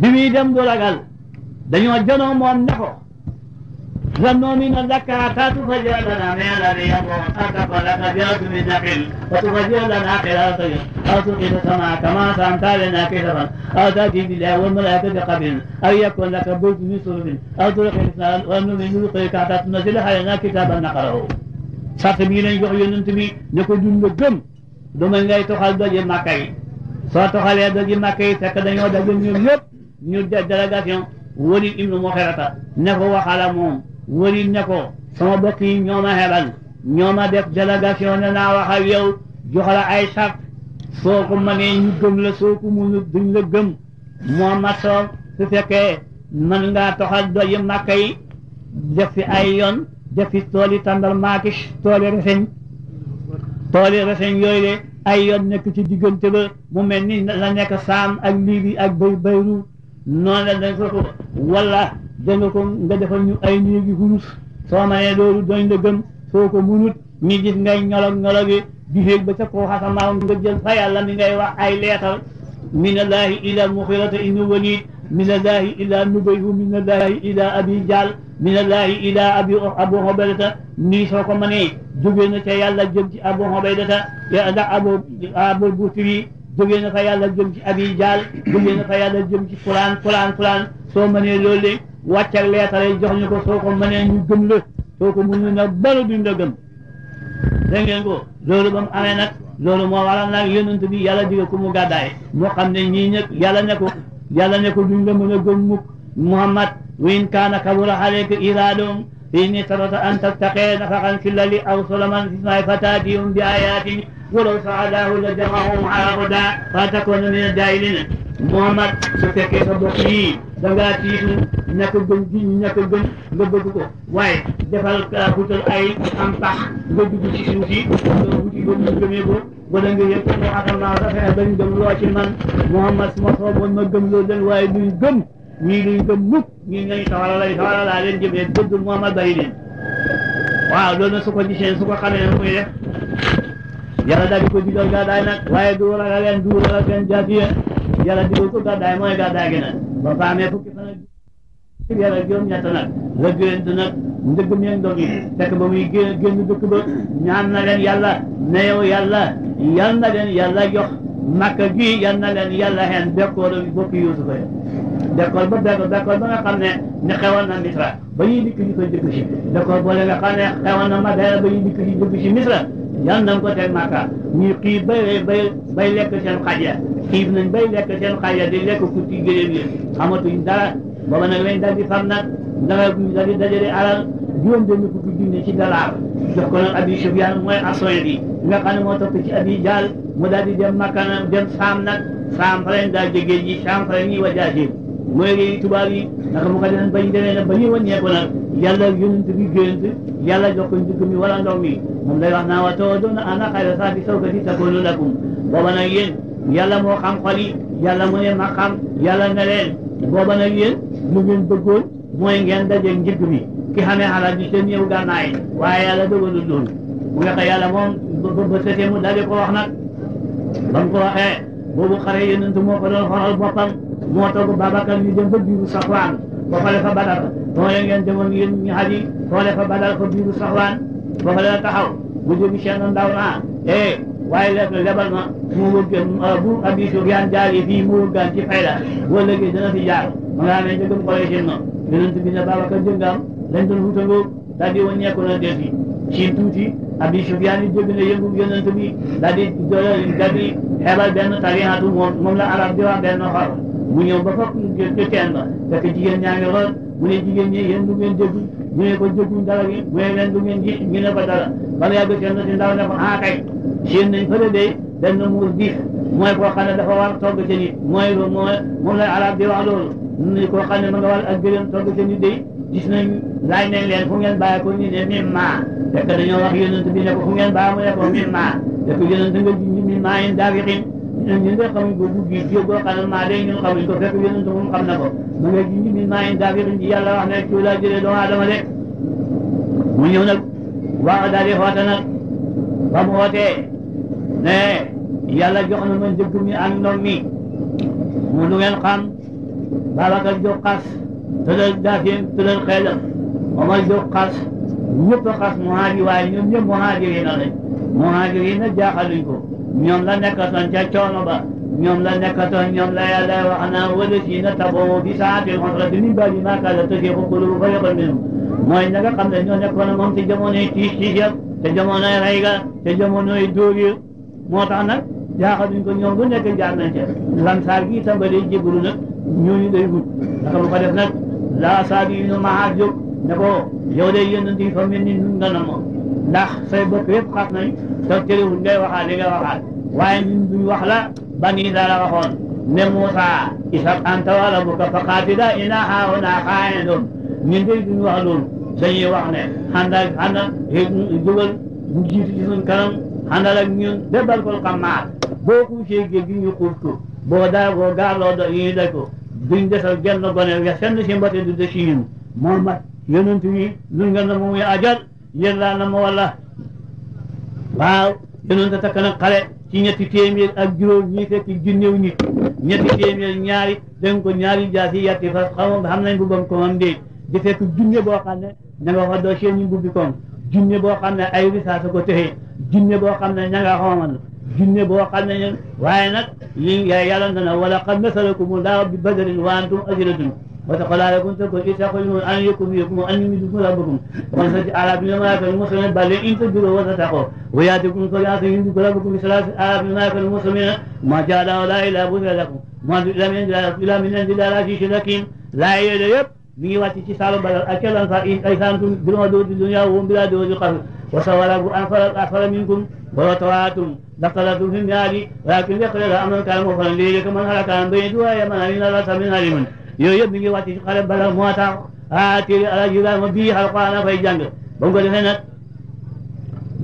bi muy dem du ragal dañoo janoo moom ne ko ظنونين لك فتفجر لنا من الرياض أكف لك بأرض من نخيل وتفجر لنا خلال طيب أو تلقي السماء كما زعمت لنا كسفا أو تأتي بالله والملائكة بقبل أو يكون لك بيت من سرب أو تلقي الإنسان والنبي يلقيك حتى تنزل علينا كتابا نقرأه sart bi lañ jox yonent bi ne ko dund gëm dama ngay toxal doji màkka soo toxalee doji màkka yi fekk dañoo dajoon ñoom yëpp ñu def délégation Walid ibnu Mughirata moom Walid ne ko sama bokk yi ñoo ma xelal ñoo ma def délégation ne naa wax ak yow jox la ay sart soo ko mënee ñu gëm la soo ko mënu duñ la gëm moo mat soo su fekkee mën ngaa toxal doji màkka fi ay yoon depuis tool yi tàndal maakish tooli refeñ tooli refeñ yooyu de ay yoon nekk ci diggante ba mu mel ni la nekk saam ak liibi ak bay bayru noonu la dañ ko wala danga ko nga defal ñu ay néegi hurus soo manee loolu doñ la gëm soo ko munut ñi gis ngay ñolog ñologi di héeg ba ca koo xasamaaw nga jël fa yàlla mi ngay wax ay leetal minallahi ila muxirata inu walid من الله إلى نبيه من الله إلى أبي جال من الله إلى أبي أبو هبيرة نيسوك مني جبين تيا الله جبت أبو هبيرة يا أدا أبو أبو البوتري جبين تيا الله جبت أبي جال جبين تيا الله جبت فلان فلان فلان سو مني لولي واتشال لي ترى جهن يكو سوك مني نجمل سوك مني نبل بين دعم دعينكو لولو بام أمينك لولو ما ورانا يننتبي يلا جيكو مقداي مقام نيني يلا نكو yàlla ne ko duñ la mën a gëm mukk muhammad win kaana kabura alayka iraadum inni tarata an tattaqee nafaxan fi lali aw solaman fi may fataatihum bi ayatin walaw saadaahu la jamahum ala huda fa takuna min addailina muhammad su fekkee sa bopp yii da ngaa tiitu ñàkk gën ji ñàkk gën nga bëgg ko waaye defal wutal ay am pax nga dugg ci suuf yi wuti gëm ñu gëmee ko bu a di yëpp mu atal naa sa a bañ gëm loo ci man Muhammad su ma soo ma gëm loo leen waaye duñ gëm ñii duñ gëm mukk ñii nañ tawala lay tawala laa leen jëmee dëggul Muhammad bàyyi leen waaw loolu nag su ko gisee su di ko digal gàddaay waaye du ragal leen du ragal seen jaatiye ko gàddaay mooy gàddaay gi weer ak juróom ñett nag la gént nag ndëggam yaa ngi doon yi fekk ba muy génn génn dëkk ba ñaan na leen yàlla ne yow yàlla yal na leen yàlla jox makka gi yal na leen yàlla xeen dekkoor bokki yuusufa ya d'accord ba d'accord d'accord ba nga xam ne ne xewoon na Misra ba ñuy dikk ñu koy jëkk si d'accord boole nga xam ne xewoon na Madayna ba ñuy dikk si jëkk si Misra yan nañ ko teg Màkka ñu xiib bay bay bay lekk seen xaj ya xiib nañ bay lekk seen xaj ya di lekk ku ci gëléem yi xamatuñ dara booba nag lañ dal di fam nag dafa dal di dajale alal juróom benn fukki junne ci dollar jox ko nag abi Sufyaan mooy asoy bi nga xam moo topp ci abi Jahl mu daal di dem Makka nag dem Saam nag Saam fa lañ daal jógee ji Saam fa la ñuy wajaasee mooy léegi tubaab yi naka mu ko dinañ bañ nag ba ñu wàññeeku nag yàlla yonent bi gént jox ko njëkk mi wala ndox mi moom lay naa wa too doon ana xayra saa bi sawka di lakum booba nag yéen yàlla moo xam xol yi yàlla mu ne ma booba nag yéen lu ngeen bëggoon mooy ngeen daje njëkk bi ki xamee xalaat ñu seen ñëw gànnaay waaye yàlla dogalul loolu bu waxee yàlla moom ba ba setee mu daal di ko wax nag ba mu ko waxee boobu xare yonent moo ko doon xoral boppam moo togg Babacar ñu dem ba biiru Safwaan ba fale fa Badar foolee ngeen demoon yéen ñu xaj yi foolee fa Badar fa biiru Safwaan ba fale la taxaw bu jógi seen ndaw naa eh waaye lekk lebal ma buur buur Abi Sufyaan jaaree fii muur gaan ci fayda boo léegi dana fi jaar ma nga amee njëgëm Quraysh ma yonent bi ne Babacar jëngaam lañ doon wutandoo daal di wàññeeku na def yi ci tuuti Abi Sufyaan yi jóg na yëngu yonent bi daal di daal di xeebal benn tariixatu moom moom la arab di wax benn xor mu ñëw ba fokk ci teen ba fekk jigéen ñaa ngi root mu ne jigéen ñi yéen du ngeen dégg ñu ne ko dégguñ dara gi mu ne leen du ngeen gis ñu ne ko dara bala yàgg seen na si ndaw ne ko ah kay séen nañ fële de benn muur biif mooy koo xam ne dafa war togg ca nit mooy loolu mooy moom la arab di wax loolu nun ni koo xam ne ma nga war ak gëléem togg ca nit de gis nañ laaj nañ leen fu ngeen bàyyi ko ñu ne mim maa fekk dañoo wax yonent bi ne ko fu ngeen bàyyi mu ne ko mim maa def ko yonent nga ji mim maa yin daawixin ñun de xamuñ ko bu gii jóg boo xam ne maa de ñun xamuñ ko fekk yonent moom xam na ko ma nga ji mim maa yin daawixin ji yàlla wax ne ci laa jëlee doomu aadama de mu ñëw nag waaw daal di xoote nag ba mu xootee ne yàlla jox na ma dëgg mi ak ndox mi mu du ngeen xam Babacar Diop xas tëral daafin tëral xeelam Omar Diop xas ñëpp a xas muhaajir waaye ñoom ñëpp muhaajir yi na lañ muhaajir yi na jaaxaluñ ko ñoom la nekkatoon ca coono ba ñoom la nekkatoon ñoom la yàlla wax naa wala si na taboo bi saatil xonra bi min baabi maa kaana tasiixu quluubu fa yaqul minhum mooy na nga xam ne ñoo nekkoon moom ci jamonoy tiis tiis yëpp te jamonoy rey ga te jamonoy dóor yi moo tax nag jaaxal duñ ko ñoom bu nekk jaar nañ ca lamsaar gi itam ba day jégalu nag ñooñu day wut ndax bu ko def nag laa saa bi ñu maa jóg ne ko yow day yéen di fa mel ni nun nga nam ndax say bokk yëpp xas nañ te terewul ngay waxaat li ngay waxaat waaye ñun duñ wax la bani dara waxoon ne Moussa isab anta wala bu ko faqaatila ina haahunaa qaa'iduun ñun day duñ wax loolu dañuy wax ne xanaa xanaa jógal mu jiitu ci suñ kanam àndal ak ñun bébbal kon xam boo kuusee géej gi ñu xuuf ko boo daagoo gaaloo do ñuy daj ko duñ desal genn gone ya senn si mbate du de si ñun moom mat yonent wi nun nga na muy ajal yéen laa na ci ñetti téeméer ak juróom ñi fekk junneew nit ñetti téeméer ñaari dañ ko ñaari jaasi yatti fas xaw xam nañ bu bam ko am déet di fekk boo xam na nga fa doo seen ñu bubbi koom junne boo xam ay risaasa ko texee jinne boo xam ne ña nga xoomal jinne boo xam ne ñun waaye nag li yàlla na wala qad masalakum laahu bi badrin wa antum azilatun وتقال كنت كنت تقولون أن يكم يكم أن يمدكم ربكم وأن تجعل بما كان المسلمين بل إن تجروا وتتقوا ويأتكم صلاة يمدك ربكم بثلاثة آلاف مما كان المسلمين ما جعل ولا إلا بذل لكم ما لم ينزل إلا من عند الله لا شيء لكن لا يد يب مي واتي تسالو بدل أكل أنصار إيسانكم بالمدود الدنيا وهم بلا دود قبل وصوروا أفر أفر منكم وتواتم دخلتم في النار ولكن يخرج أمر كان مغفرا ليك من هلك عن بين دوايا من أمين الله سمين عليم yooyu yëpp mi ngi wàcc ci xale bala moo tax ah téere alaaji Ibrahima bii alxuraan a fay jàng ba mu ko defee nag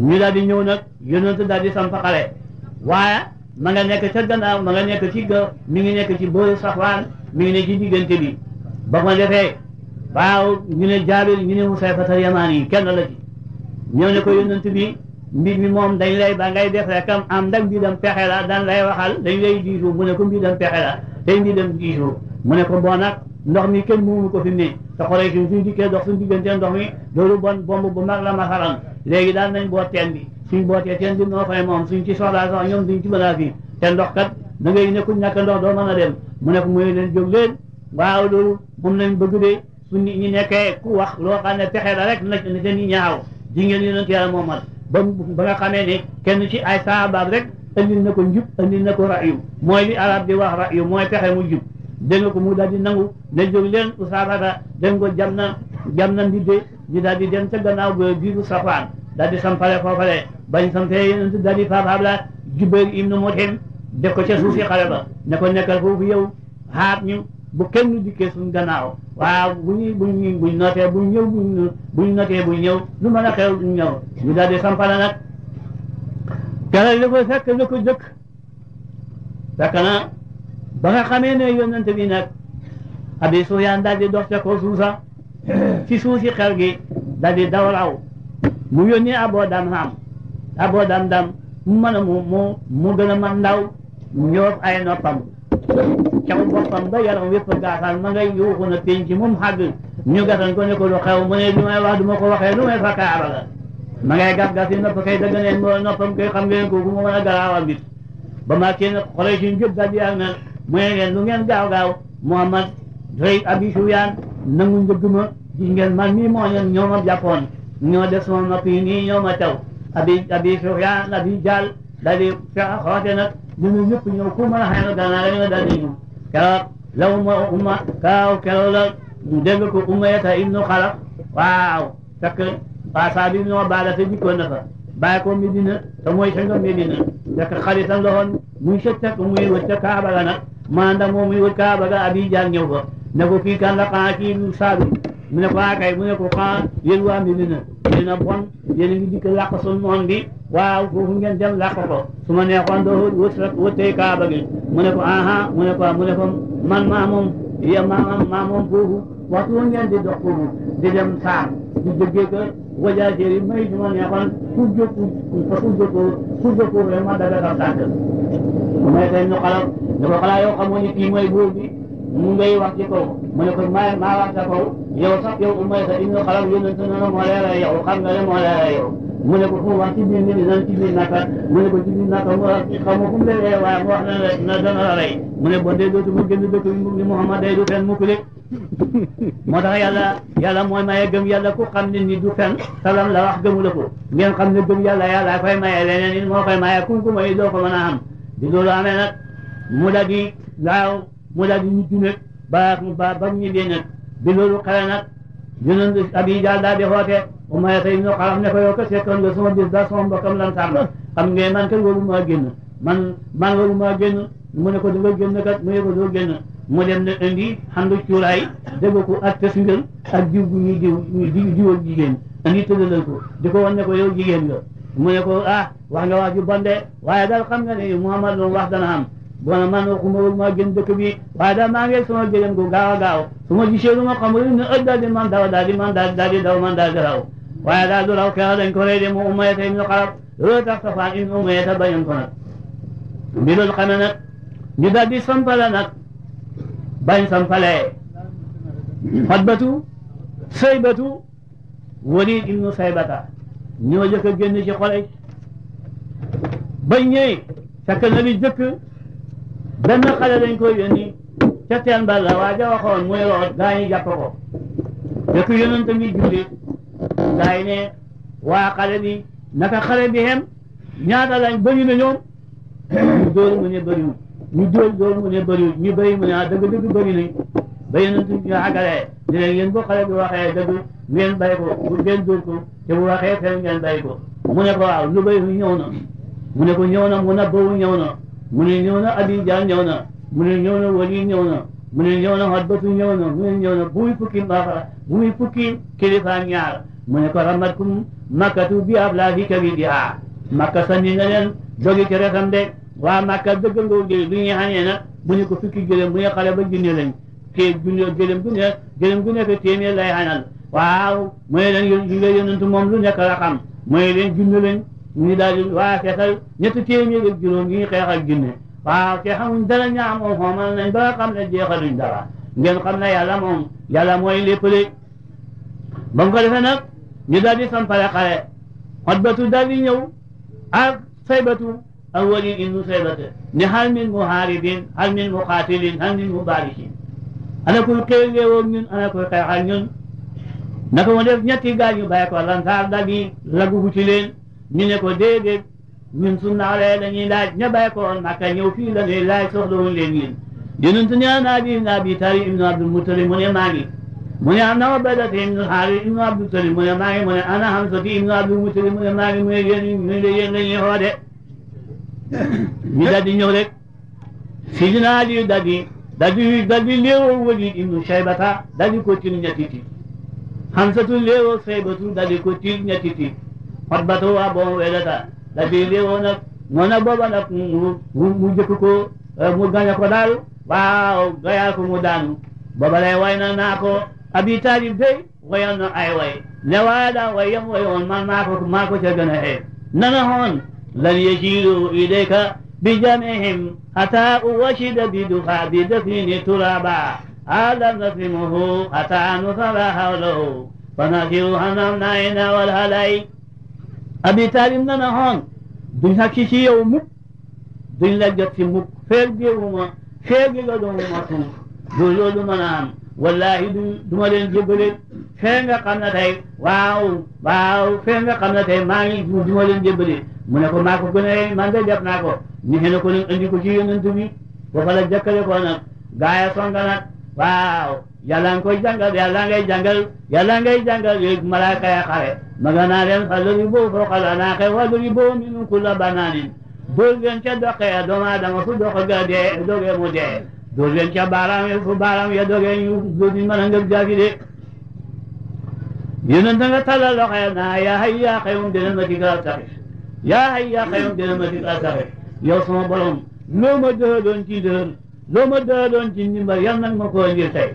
ñu daal di ñëw nag yonent daal di samp xale waaye ma nga nekk ca gannaaw ma nekk ci mi ngi nekk ci booru safwaan mi ngi ne ci diggante bi ba ko defee waaw ñu ne jaabir ñu ne Musayfata yamaan yi kenn la ci ñoo ne ko yónnent bi mbir mi moom dañ lay ba ngay def rek am am ndax mbiram pexe la daan lay waxal dañ lay diisu mu ne ko mbiram pexe la tey mbiram diisu mu ne ko boo nag ndox mi kenn mu ko fi mu ne te xoree si suñ dikkee dox suñ diggantee ndox mi loolu bon bomb bu mag la masalan léegi daal nañ boot teen bi suñ bootee teen bi noo fay moom suñ ci sola sax ñoom duñ ci mën a fi te ndox kat da ngay nekkul ñàkk ndox doo mën a dem mu ne ko mooy leen jóg leen waaw loolu moom bëgg de suñ nit ñi ku wax loo xam ne pexe la rek na na te ni ñaaw ngeen yonent yàlla Muhammad ba ba nga xamee ne kenn ci ay saabaab rek andil na ko njub andil na ko rayu mooy li arab di wax rayu mooy pexe mu jub dégg ko mu daal di nangu ne jóg leen usaabata dégg nga jam na jam na mbidde ñu daal di dem ca gannaaw ba biiru safaan daal di sampale foofale bañ sampee yonent daal di faafaab la Jubayr ibnu de def ko ca suufi xale ba ne ko nekkal foofu yow xaat ñu bu kenn dikkee suñ gannaaw waaw bu ñuy bu ñuy buñ nootee buñ ñëw buñ buñ nootee buñ ñëw lu mën a xew duñ ñëw ñu daal di sampala nag tele li ko fekk li ko jëkk fekk na ba nga xamee ne yonent bi nag abi sufyaan daal di dox ca kaw suusa ci suuf si xel gi daal di dawlaw mu yónni aboo dam xam aboo dam dam mu mën a mu mu mu gën a mën ndaw ñëw ay noppam caw boppam ba yaram wépp gaasaan ma ngay yuuxu na penc moom xàgg ñu gasan ko ne ko lu xew mu ne lu may wax du ma ko waxee lu may fakkaara la ma ngay gas gas yi nopp kay dëgg neen moo noppam koy xam ngeen kooku mu mën a garaawal nit ba maa kenn xole ci njub daal di ak mu ne leen lu ngeen gaaw gaaw Muhammad doy Abi Sufyaan nangu njëgg ma gis ngeen man mii moo leen ñoo ma jàppoon ñoo des sama nopp yi nii ñoo ma taw Abi Abi Sufyaan Abi Jahl daal di fexe xoote nag ñun ñëpp ñëw ku mën a xayma gannaaw dañoo daal di ñëw keroog la umma umma kaaw keroog la mu dégg ko umma yata ibnu xalaf waaw fekk pasa bi noo baala te jikkoon na fa bàyyi ko Medina te mooy sanga Medina fekk xaritam la woon muy sëcc muy wër ca Kaaba ga nag maanda moom muy wër Kaaba ga abi jaan ñëw fa ne kii kan la xanaa kii lu saabi mu a ah, kay mu ne ko xaa ah, a bon yéen a ngi dikk làq suñu noon bi waaw foofu ngeen dem làq ko su ma neexoon doo wut wut tey kaaba gi mu ne ko ah, mu ne ko mu ne ko man maa moom ya maa foofu waxtu woon di dox di dem saar di jógee ko wajaajéer yi may su ma neexoon ku jóg ku jóg ku jóg vraiment da nga kii mooy buur ñu ngay wax ci kaw mu ne ko maa maa wax sa kaw yow sax yow umaysa ibnu xalaf yonente na la moo leera yow xam nga ne moo leera yow mu ne ko fu mu wax ci biir nit ñi dana ci biir naka mu ne ko ci biir naka mu wax xaw ma fu mu lay rey waaye mu wax na la na dana la rey mu ne bon dee dootu mu génn dëkk bi ni Muhammad day du fen mu kulik moo tax yàlla yàlla mooy maye gëm yàlla ku xam ne ni du fen salam la wax gëmu la ko ngeen xam ne gëm yàlla yàlla koy maye leneen it moo koy maye kum ku may doo ko mën a am di loolu amee nag mu da di gaaw mu daal di mujj nag baax ba ba ñu ñëwee nag bi loolu xale nag yonent abi daal daal di xoote Umayya tey ñoo xam ne ko yow ka seetoon nga sama bis daal sama mbokkam lan tànn xam ngeen man kat loolu maa génn man man loolu maa génn mu ne ko doo génn kat mu ne ko doo génn mu dem na indi xandu cuuraay dégg ko ak tasngal ak jiw bu ñuy diw di diwal jigéen indi tëddalal ko di ko wan ne ko yow jigéen nga mu ne ko ah wax nga wax ju bonde waaye daal xam nga ne Muhammad loolu wax dana am gonamano kumorolma gen dëkk bi waaye daal maa ngi sama jëleen gu gaaw a gaaw su ma gisee lu ma xamul ne ëpp daal di man daw daal di man daal daal di daw man daal di raw waaye daal du raw kenn dañ ko rey de mu umayata ibnu xarab loolu tax safaan ibnu umayata bañoon ko nag bi loolu xame nag ñu daal di sampale nag bañ sampalee xatbatu saybatu walid ibnu saybata ñoo jëkk a génn ci xolej bañ ñëwee fekk na li jëkk benn xale lañ koy yónni ca teen ba la waa ja waxoon muy root gaa ñi jàpp ko fekk yonent ngi julli gaa yi ne waa xale bi naka xale bi xem ñaata lañ bëri na ñoom ñu dóor mu ne bëriwul ñu dóor dóor mu ne bëriwul ñu bëri mu ne ah dëgg dëgg bëri nañ ba yonent ñu àggalee ne leen yéen bu xale ko bu ngeen dóor ko te ngeen bay ko mu ne ko waaw lu bëri ñëw na mu ne ko ñëw mu na boobu ñëw mu ne ñëw na Abidjan ñëw na mu ne ñëw na Wali ñëw na fukki mbaaxara bu fukki kilifa ñaar mu ne ko ramatkum makkatu bi ablaahi kabidiha makka sànni nga leen de waa makka dëgg nga jël bi ñuy xañee nag bu ñu ko ba junne lañ waaw mooy leen leen junne ñu dalil waa xeexal ñetti téeméer ak juróom yi xeex ak jinne waaw te xamuñ dara ñaam moom xoomal nañ ba xam ne jeexaluñ dara ngeen xam ne yàlla moom yàlla mooy lépp lépp ba mu ko defee nag ñu daal di sampale xare xotbatu daal di ñëw ak saybatu ak wali innu saybate ni hal min muharibin hal min muqatilin hal min mubarikin ana kuy xéewleewoog ñun ana kuy xeexal ñun naka mu def ñetti gaañ yu bàyyi ko lantaar daal di lagubu ci leen ñu ne ko déedéet ñun sunnaalee la ñuy laaj ña bàyyi ko woon Makka ñëw fii la ñuy soxla woon leen yéen yonent ne ana Ali ibn Abi Talib ibn Abdul Muttalib mu ne maa ngi mu ne ana Ubaydata ibn Haaris ibn Abdul Muttalib ne maa ngi mu ne ana Hamsatu ibn di ñëw rek Sidina Ali daal Shaybata daal di ko til xabbatuwa bon welata la bibi wona mona booba nag mu mu jëkk ko mu gañe ko daal waaw gayal ko mu daanu booba lay way na naa ko abi taalib day wayal na ay way ne waaye daa way yam way woon man maa ko maa ko ca gën a xee nana hoon lan yajiru ilayka بجمعهم حتى أوشد بدفع بدفين ترابا هذا نفهمه حتى نفر حوله فنخير هنم نعين والهلي abi taalib na na xoon duñ xakki ci yow mukk duñ la jot ci mukk feeg géewuma feeg gi nga doomu matum du loolu mën a am wallahi du du ma leen jébbale fee nga xam ne tey waaw waaw fee nga xam ne tey maa ngi du ma leen jébbale mu ne ko maa ko gën a man de def naa ko ni xëy na ko nag andi ko ci yonent bi ba fa la jëkkale ko nag gaaya songa nag waaw yàlla nga koy jàngal yàlla ngay jàngal yàlla ngay jàngal yéeg malaaka ya xare maga naa leen fa lori boobu foo xala naa xee wa lori boobu minum kulla banaanin dóor leen ca doqee doomu aadama fu doq ga dee dogee mu dee dóor leen ca baaraam yi fu baaraam ya dogee ñu dóotuñ mën a ngëb jaafi de yéen da nga tàllal loxo naa yaa xay yaa xayum dina ma digal taxi yaa xay yaa xayum dina ma digal taxi yow sama borom loo ma dëhaloon ci dëhal loo ma doodoon ci ndimbal yal nag ma koo ngir tey